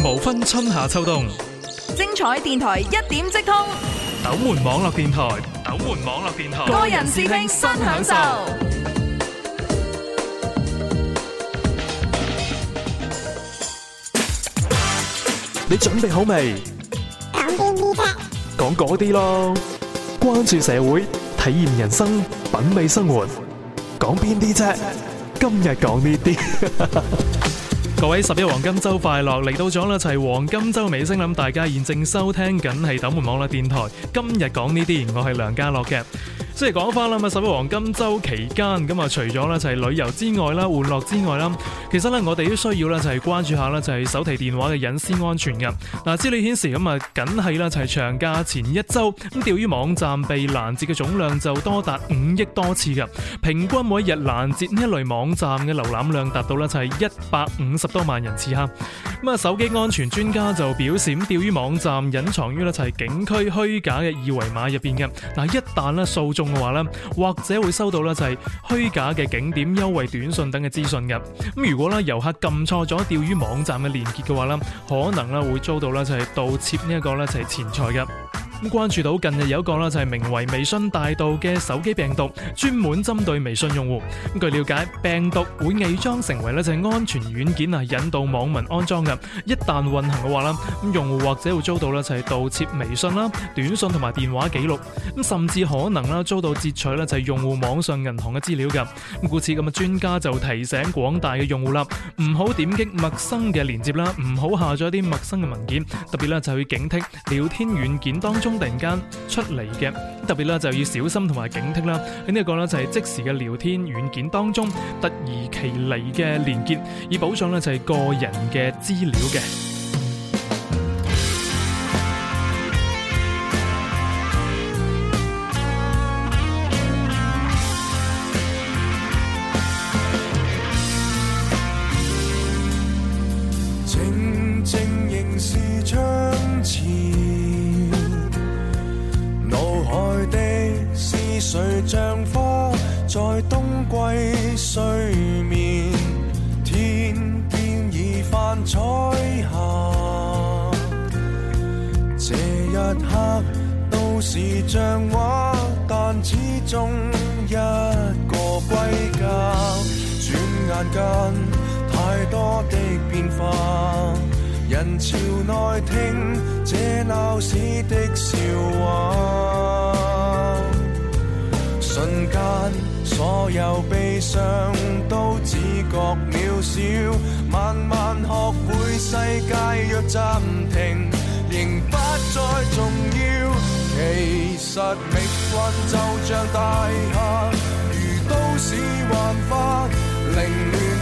無分春夏秋冬，精彩電台一點即通。斗門網絡電台，斗門網絡電台，個人視聽新享受。你準備好未？講邊啲啫？講嗰啲咯。關注社會，體驗人生，品味生活。講邊啲啫？今日講呢啲。各位十一黃金周快樂，嚟到咗啦，就係黃金周尾聲，咁大家現正收聽緊係《斗門網絡電台》，今日講呢啲，我係梁家樂嘅。即係講翻啦，咁啊十一黃金周期間，咁啊除咗咧就係旅遊之外啦，玩樂之外啦，其實咧我哋都需要咧就係關注下咧就係手提電話嘅隱私安全噶。嗱，資料顯示，咁啊，梗係啦，就係長假前一周，咁釣魚網站被攔截嘅總量就多達五億多次噶。平均每一日攔截呢一類網站嘅瀏覽量達到咧就係一百五十多萬人次哈。咁啊，手機安全專家就表示，咁釣魚網站隱藏於呢就係景區虛假嘅二維碼入邊嘅。嗱，一旦呢掃嘅話咧，或者會收到咧就係虛假嘅景點優惠短信等嘅資訊嘅。咁如果咧遊客撳錯咗釣魚網站嘅連結嘅話咧，可能咧會遭到咧就係盜竊呢一個咧就係錢財嘅。咁關注到近日有一個呢，就係名為微信大盜嘅手機病毒，專門針對微信用戶。咁據了解，病毒會偽裝成為呢就係安全軟件啊，引導網民安裝噶。一旦運行嘅話啦，咁用戶或者會遭到呢，就係盜竊微信啦、短信同埋電話記錄。咁甚至可能啦遭到截取呢，就係用戶網上銀行嘅資料噶。咁故此咁嘅專家就提醒廣大嘅用戶啦，唔好點擊陌生嘅鏈接啦，唔好下載啲陌生嘅文件，特別呢，就去警惕聊天軟件當中。突然間出嚟嘅特別啦，就要小心同埋警惕啦。呢、這、一個咧就係即時嘅聊天軟件當中，突如其嚟嘅連結，以保障咧就係個人嘅資料嘅。誰像花在冬季睡眠？天邊已泛彩霞，這一刻都是像畫，但始終一個歸家。轉眼間，太多的變化，人潮內聽這鬧市的笑話。所有悲傷都只覺渺小，慢慢學會世界若暫停，仍不再重要。其實命運就像大廈，如都市幻化凌亂。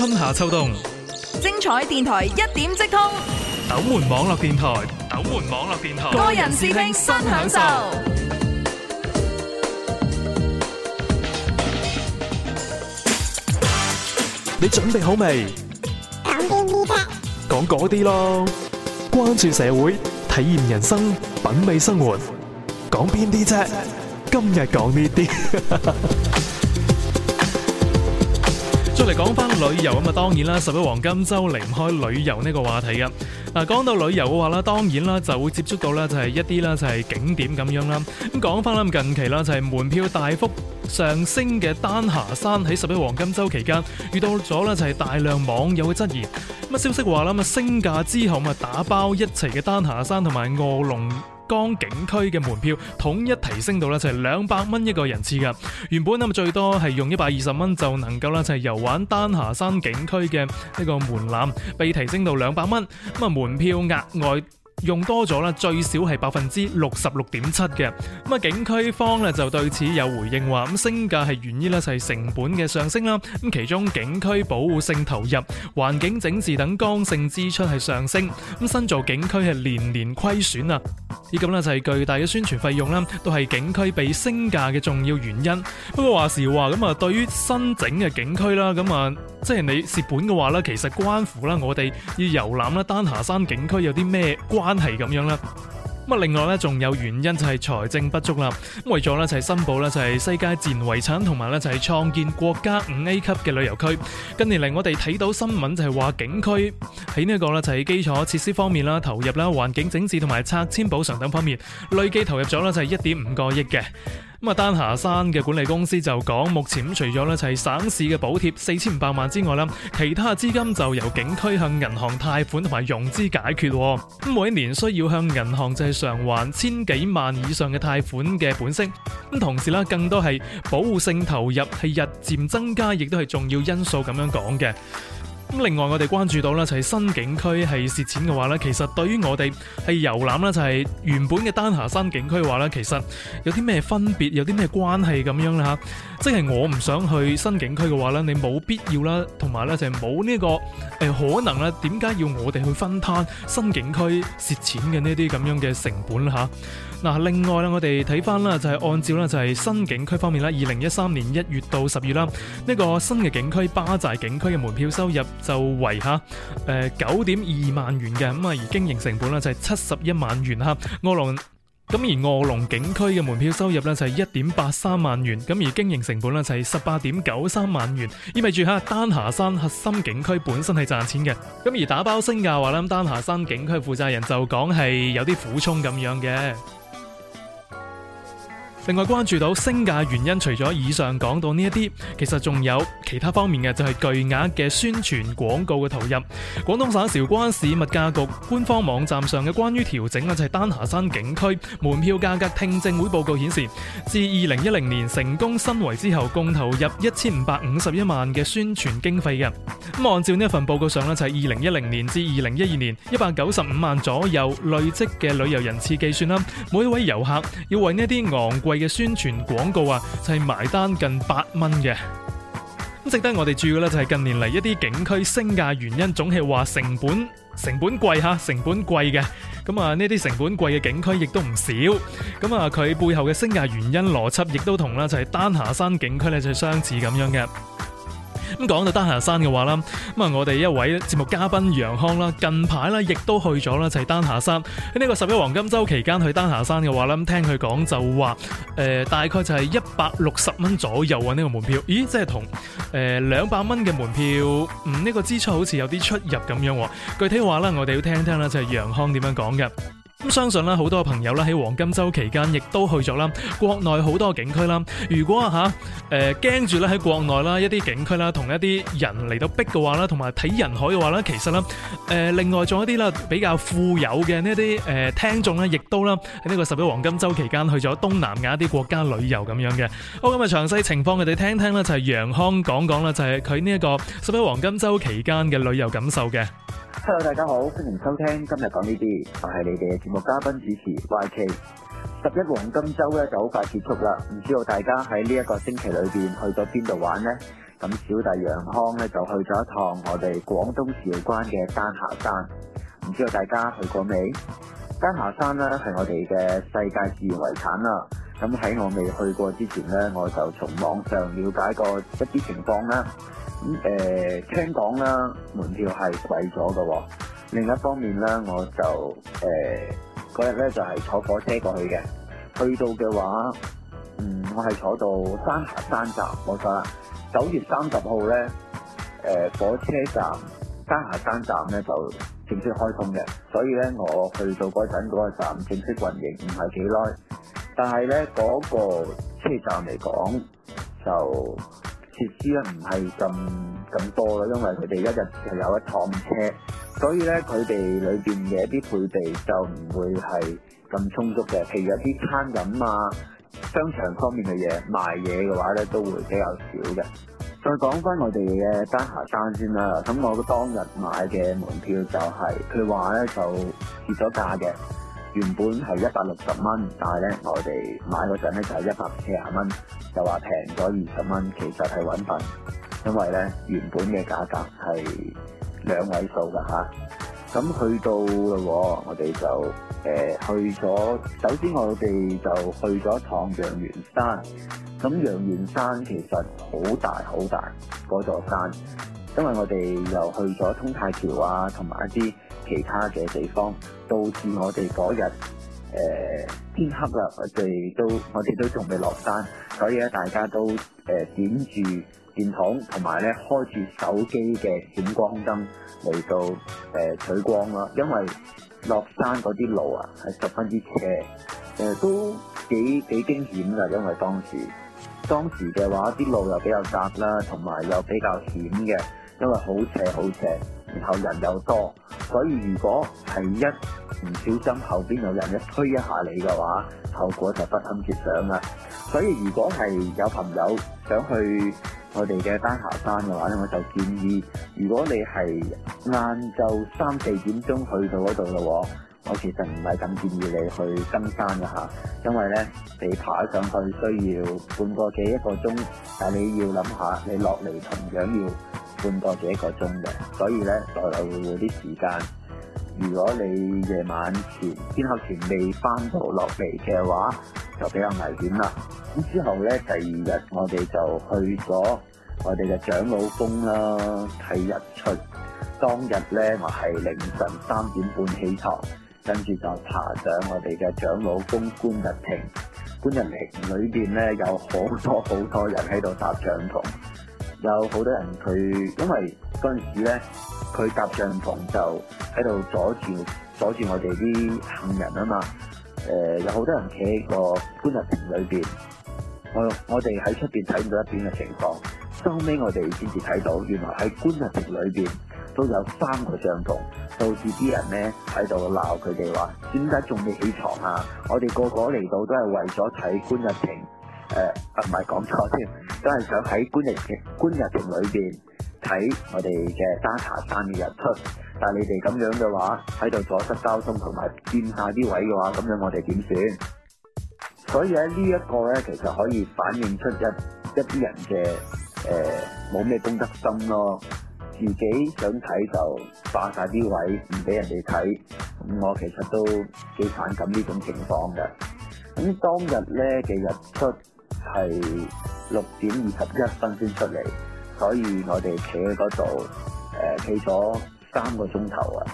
春夏秋冬，精彩電台一點即通。斗門網絡電台，斗門網絡電台，個人視聽新享受。你準備好未？講邊啲啫？講嗰啲咯。關注社會，體驗人生，品味生活。講邊啲啫？今日講呢啲。嚟講翻旅遊咁啊，當然啦，十一黃金周離唔開旅遊呢個話題噶。嗱，講到旅遊嘅話啦，當然啦，就會接觸到咧就係一啲啦就係景點咁樣啦。咁講翻啦，近期啦就係門票大幅上升嘅丹霞山喺十一黃金周期間遇到咗咧就係大量網友嘅質疑。咁消息話啦，啊升價之後，啊打包一齊嘅丹霞山同埋臥龍江景區嘅門票統一提升到咧就係兩百蚊一個人次㗎，原本啊咁最多係用一百二十蚊就能夠啦就係、是、遊玩丹霞山景區嘅呢個門檻，被提升到兩百蚊咁啊門票額外。用多咗啦，最少係百分之六十六點七嘅。咁啊，景、嗯、區方咧就對此有回應話，咁、嗯、升價係原因咧就係、是、成本嘅上升啦。咁、嗯、其中景區保護性投入、環境整治等剛性支出係上升。咁、嗯、新造景區係年年虧損啊！呢咁咧就係、是、巨大嘅宣傳費用啦，都係景區被升價嘅重要原因。不過話時話，咁啊，對於新整嘅景區啦，咁啊，即係你蝕本嘅話咧，其實關乎啦我哋要遊覽啦丹霞山景區有啲咩關。關係咁樣啦，咁啊，另外咧仲有原因就係財政不足啦，咁為咗咧就係申報咧就係世界自然遺產，同埋咧就係創建國家五 A 級嘅旅遊區。近年嚟我哋睇到新聞就係話景區喺呢一個咧就係基礎設施方面啦，投入啦、環境整治同埋拆遷補償等方面，累計投入咗咧就係一點五個億嘅。咁啊，丹霞山嘅管理公司就講，目前除咗咧就係省市嘅補貼四千五百萬之外啦，其他資金就由景區向銀行貸款同埋融資解決。咁每年需要向銀行就係償還千幾萬以上嘅貸款嘅本息。咁同時啦，更多係保護性投入係日漸增加，亦都係重要因素咁樣講嘅。咁另外我哋關注到咧就係新景區係蝕錢嘅話咧，其實對於我哋係遊覽咧就係、是、原本嘅丹霞山景區嘅話咧，其實有啲咩分別，有啲咩關係咁樣啦嚇。即、就、係、是、我唔想去新景區嘅話咧，你冇必要啦，同埋咧就係冇呢個誒、呃、可能啦。點解要我哋去分攤新景區蝕錢嘅呢啲咁樣嘅成本啦嚇？嗱，另外咧我哋睇翻啦，就係按照咧就係新景區方面啦，二零一三年一月到十月啦，呢、這個新嘅景區巴寨景區嘅門票收入。就為吓，誒九點二萬元嘅咁、就是啊，啊，就是、啊，而經營成本咧就係七十一萬元哈。臥龍咁而臥龍景區嘅門票收入咧就係一點八三萬元，咁而經營成本咧就係十八點九三萬元，意味住吓、啊、丹霞山核心景區本身係賺錢嘅。咁、啊、而打包升價話咧、啊，丹霞山景區負責人就講係有啲苦衷咁樣嘅。另外關注到升價原因，除咗以上講到呢一啲，其實仲有其他方面嘅，就係巨額嘅宣傳廣告嘅投入。廣東省韶關市物價局官方網站上嘅關於調整啊，就係丹霞山景區門票價格聽證會報告顯示，自二零一零年成功申遺之後，共投入一千五百五十一萬嘅宣傳經費嘅。咁按照呢份報告上咧，就係二零一零年至二零一二年一百九十五萬左右累積嘅旅遊人次計算啦，每一位遊客要為呢一啲昂貴嘅宣傳廣告啊，就係、是、埋單近八蚊嘅。咁值得我哋注意嘅咧，就係近年嚟一啲景區升價原因，總係話成本成本貴吓，成本貴嘅。咁啊，呢啲成本貴嘅景區亦都唔少。咁啊，佢背後嘅升價原因邏輯亦都同啦，就係丹霞山景區咧，就係相似咁樣嘅。咁講到丹霞山嘅話啦，咁啊我哋一位節目嘉賓楊康啦，近排啦亦都去咗啦，就係、是、丹霞山喺呢、這個十一黃金週期間去丹霞山嘅話啦，咁聽佢講就話誒、呃、大概就係一百六十蚊左右啊呢、這個門票，咦，即係同誒兩百蚊嘅門票，嗯呢、這個支出好似有啲出入咁樣喎、啊。具體話啦，我哋要聽聽啦，就係楊康點樣講嘅。咁相信咧，好多朋友咧喺黃金週期間亦都去咗啦，國內好多景區啦。如果吓誒驚住咧喺國內啦一啲景區啦同一啲人嚟到逼嘅話啦，同埋睇人海嘅話啦，其實咧誒、呃、另外仲有一啲啦比較富有嘅呢啲誒聽眾咧，亦都啦喺呢個十一黃金週期間去咗東南亞啲國家旅遊咁樣嘅。好咁啊，詳細情況佢哋聽聽咧，就係楊康講講啦，就係佢呢一個十一黃金週期間嘅旅遊感受嘅。Hello，大家好，歡迎收聽今日講呢啲，我係你哋嘅節目嘉賓主持 YK。十一黃金周咧就好快結束啦，唔知道大家喺呢一個星期裏邊去咗邊度玩呢？咁小弟楊康咧就去咗一趟我哋廣東韶關嘅丹霞山，唔知道大家去過未？丹霞山咧係我哋嘅世界自然遺產啦。咁喺我未去過之前呢，我就從網上了解過一啲情況啦。咁誒、嗯呃、聽講啦，門票係貴咗嘅喎。另一方面咧，我就誒嗰日咧就係、是、坐火車過去嘅。去到嘅話，嗯，我係坐到丹霞山站冇錯啦。九月三十號咧，誒、呃、火車站丹霞山站咧就正式開通嘅，所以咧我去到嗰陣嗰個站正式運營唔係幾耐，但係咧嗰個車站嚟講就。設施咧唔係咁咁多啦，因為佢哋一日係有一趟車，所以咧佢哋裏邊嘅一啲配備就唔會係咁充足嘅，譬如一啲餐飲啊、商場方面嘅嘢賣嘢嘅話咧，都會比較少嘅。再講返我哋嘅丹霞山先啦，咁我當日買嘅門票就係佢話咧就跌咗價嘅。原本係一百六十蚊，但係咧我哋買嗰陣咧就係一百四十蚊，就話平咗二十蚊，其實係搵笨，因為咧原本嘅價格係兩位數㗎吓，咁、啊、去到嘞，我哋就誒、呃、去咗，首先我哋就去咗一趟陽元山。咁陽元山其實好大好大嗰座山。因為我哋又去咗通泰橋啊，同埋一啲其他嘅地方，導致我哋嗰日誒天黑啦，我哋都我哋都仲未落山，所以咧大家都誒、呃、點住電筒，同埋咧開住手機嘅閃光燈嚟到誒、呃、取光啦。因為落山嗰啲路啊係十分之斜，誒、呃、都幾幾驚險㗎。因為當時當時嘅話啲路又比較窄啦，同埋又比較險嘅。因為好斜好斜，然後人又多，所以如果係一唔小心後邊有人一推一下你嘅話，後果就不堪設想啦。所以如果係有朋友想去我哋嘅丹霞山嘅話咧，我就建議，如果你係晏晝三四點鐘去到嗰度嘅話，我其實唔係咁建議你去登山一下，因為咧你爬上去需要半個幾一個鐘，但係你要諗下你落嚟同樣要。半個幾個鐘嘅，所以咧來來回回啲時間。如果你夜晚前天黑前，前未翻到落嚟嘅話，就比較危險啦。咁之後咧，第二日我哋就去咗我哋嘅長老峰啦，睇日出。當日咧，我係凌晨三點半起床，跟住就爬上我哋嘅長老峰觀日亭。觀日亭裏邊咧有好多好多人喺度搭帳篷。有好多人佢，因為嗰陣時咧，佢搭帳篷就喺度阻住阻住我哋啲行人啊嘛。誒、呃，有好多人企喺個觀日亭裏邊，我我哋喺出邊睇唔到一邊嘅情況，收尾我哋先至睇到，原來喺觀日亭裏邊都有三個帳篷，導致啲人咧喺度鬧佢哋話，點解仲未起床啊？我哋個個嚟到都係為咗睇觀日亭，誒、呃，唔係講錯先。都係想喺觀日觀日亭裏邊睇我哋嘅丹霞山嘅日出，但你哋咁樣嘅話，喺度阻塞交通同埋佔曬啲位嘅話，咁樣我哋點算？所以喺呢一個咧，其實可以反映出一一啲人嘅誒、冇咩公德心咯，自己想睇就霸晒啲位，唔俾人哋睇。咁我其實都幾反感呢種情況嘅。咁當日咧嘅日出係。六點二十一分先出嚟，所以我哋企喺嗰度，誒企咗三個鐘頭啊！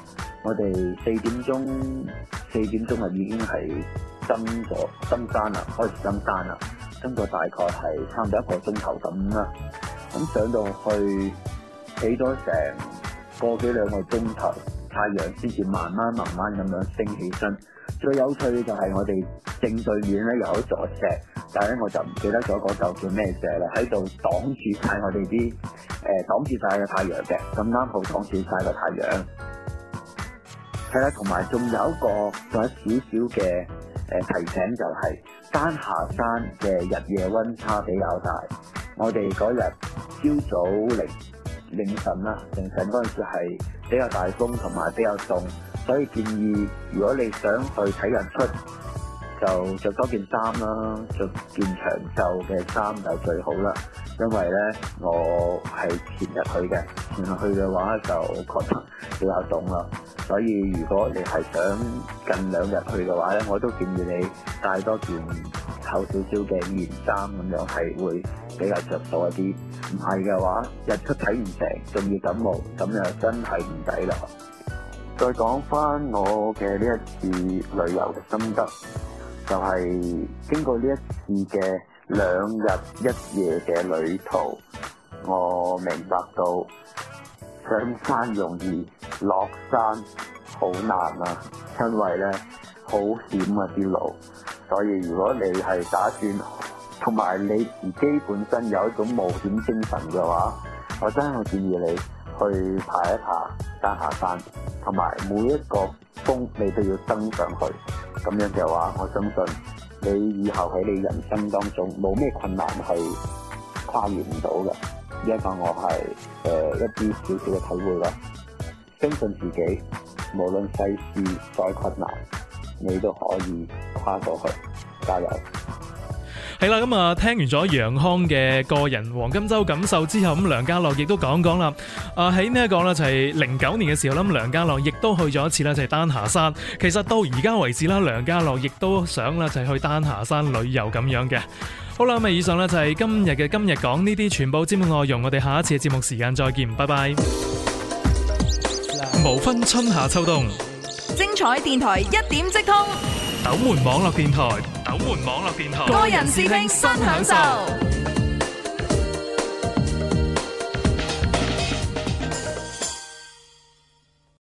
我哋四點鐘，四點鐘啊已經係登咗登山啦，開始登山啦，登咗大概係差唔多一個鐘頭咁啦，咁上到去企咗成個幾兩個鐘頭，太陽先至慢慢慢慢咁樣升起身。最有趣嘅就係我哋正對面咧有一座石。但係咧，我就唔記得咗嗰就叫咩嘢嘅啦，喺度擋住曬我哋啲誒，擋住曬嘅太陽嘅，咁啱好擋住曬個太陽，係啦，同埋仲有一個，仲有少少嘅，誒，提醒就係丹霞山嘅日夜溫差比較大，我哋嗰日朝早凌，凌晨啦，凌晨嗰陣時係比較大風同埋比較凍，所以建議如果你想去睇日出，就着多件衫啦，着件長袖嘅衫就最好啦。因為咧，我係前日去嘅，前日去嘅話就覺得比較凍啦。所以如果你係想近兩日去嘅話咧，我都建議你帶多件厚少少嘅棉衫咁樣，係會比較着數一啲。唔係嘅話，日出睇唔成，仲要感冒，咁又真係唔抵啦。再講翻我嘅呢一次旅遊嘅心得。就係經過呢一次嘅兩日一夜嘅旅途，我明白到上山容易，落山好難啊！因為咧，好險啊啲路，所以如果你係打算同埋你自己本身有一種冒險精神嘅話，我真係建議你去爬一爬丹霞山，同埋每一個峰你都要登上去。咁樣嘅話，我相信你以後喺你人生當中冇咩困難係跨越唔到嘅。呢、呃、一個我係誒一啲少少嘅體會啦。相信自己，無論世事再困難，你都可以跨過去。加油！係啦，咁啊，聽完咗楊康嘅個人黃金周感受之後，咁梁家樂亦都講講啦。啊，喺呢一個咧就係零九年嘅時候啦，咁梁家樂亦都去咗一次啦，就係丹霞山。其實到而家為止啦，梁家樂亦都想啦就係去丹霞山旅遊咁樣嘅。好啦，咁啊以上啦就係今日嘅今日講呢啲全部節目內容，我哋下一次嘅節目時間再見，拜拜。無分春夏秋冬，精彩電台一點即通。斗門網絡電台，斗門網絡電台，個人視聽新享受。